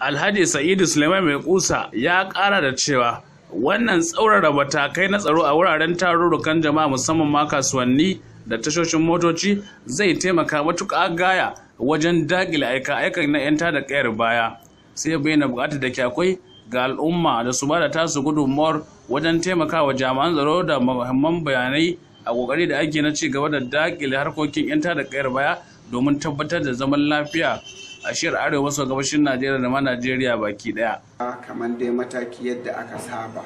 Alhaji Sa'idu Suleiman Mai Kusa ya kara da cewa wannan tsaurara matakai na tsaro a wuraren tarurrukan jama'a musamman ma kasuwanni da tashoshin motoci zai taimaka matuƙa gaya wajen daƙile aika-aikan na 'yanta da ƙayar baya sai bayyana buƙatar da ke akwai ga al'umma da su bada tasu gudunmawar wajen taimakawa jami'an tsaro da muhimman bayanai a ƙoƙari da ake na ci gaba da daƙile harkokin 'yanta da ƙayar baya domin tabbatar da zaman lafiya a shiyar arewa maso gabashin najeriya da ma najeriya baki daya kamar dai mataki yadda aka saba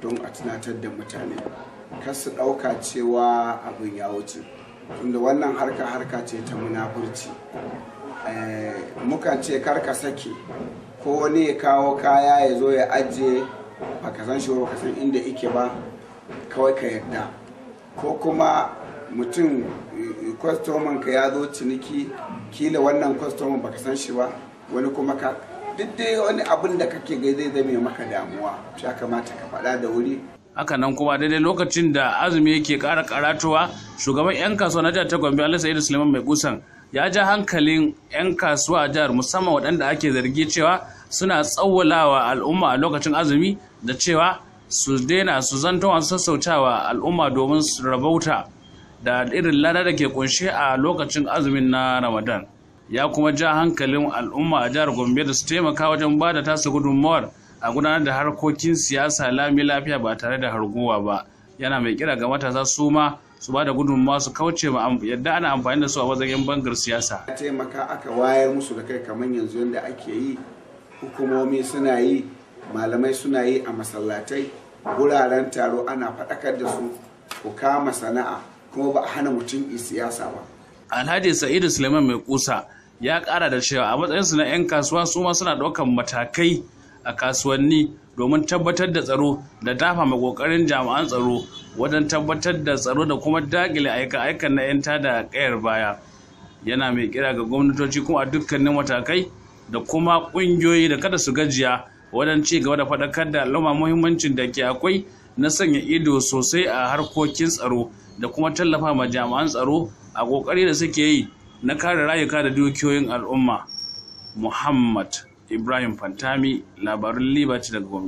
don a tunatar da mutane kar su ɗauka cewa abin ya wuce tunda wannan harka harka ce ta munafurci eh, muka ce kar ka sake ko wani ya kawo kaya ya zo ya ajiye ba ka san shi ba ka san inda ike ba kawai ka yarda ko kuma mutum kwastoman ka ya zo ciniki kila wannan kwastoman baka san shi ba wani kuma ka duk dai wani abin da kake gai zai zame maka damuwa ya kamata ka faɗa da wuri haka nan kuma daidai lokacin da azumi yake ƙara karatuwa shugaban 'yan kasuwa na jihar ta gombe Ali sa'idu suleiman mai kusan ya ja hankalin 'yan kasuwa a jihar musamman waɗanda ake zargi cewa suna tsawwalawa al'umma a lokacin azumi da cewa su daina su zanto masu sassautawa al'umma domin su rabauta da irin lada da ke kunshe a lokacin azumin na ramadan ya kuma ja hankalin al'umma a jihar gombe da su taimaka wajen ba da tasu gudunmawar a gudanar da harkokin siyasa lami lafiya ba tare da harguwa ba yana mai kira ga matasa su ma su ba da gudunmawa su kauce ma yadda ana amfani da su a wajen bangar siyasa ya taimaka aka wayar musu da kai kamar yanzu yadda ake yi hukumomi suna yi malamai suna yi a masallatai wuraren taro ana faɗakar da su ku kama sana'a kuma ba a hana mutum yi siyasa ba alhaji sa'idu suleiman mai kusa ya kara da cewa a matsayinsu na 'yan kasuwa su ma suna ɗaukan matakai a kasuwanni domin tabbatar da tsaro da dafa mai kokarin jami'an tsaro wajen tabbatar da tsaro da kuma dakile aika-aikan na 'yan tada kayar baya yana mai kira ga gwamnatoci kuma a dukkanin matakai da kuma ƙungiyoyi da kada su gajiya wajen ci gaba da faɗakar da al'umma muhimmancin da ke akwai na sanya ido sosai a harkokin tsaro da kuma tallafa ma jami'an tsaro a ƙoƙari da suke yi na kare rayuka da dukiyoyin al'umma muhammad ibrahim fantami labarin liberty daga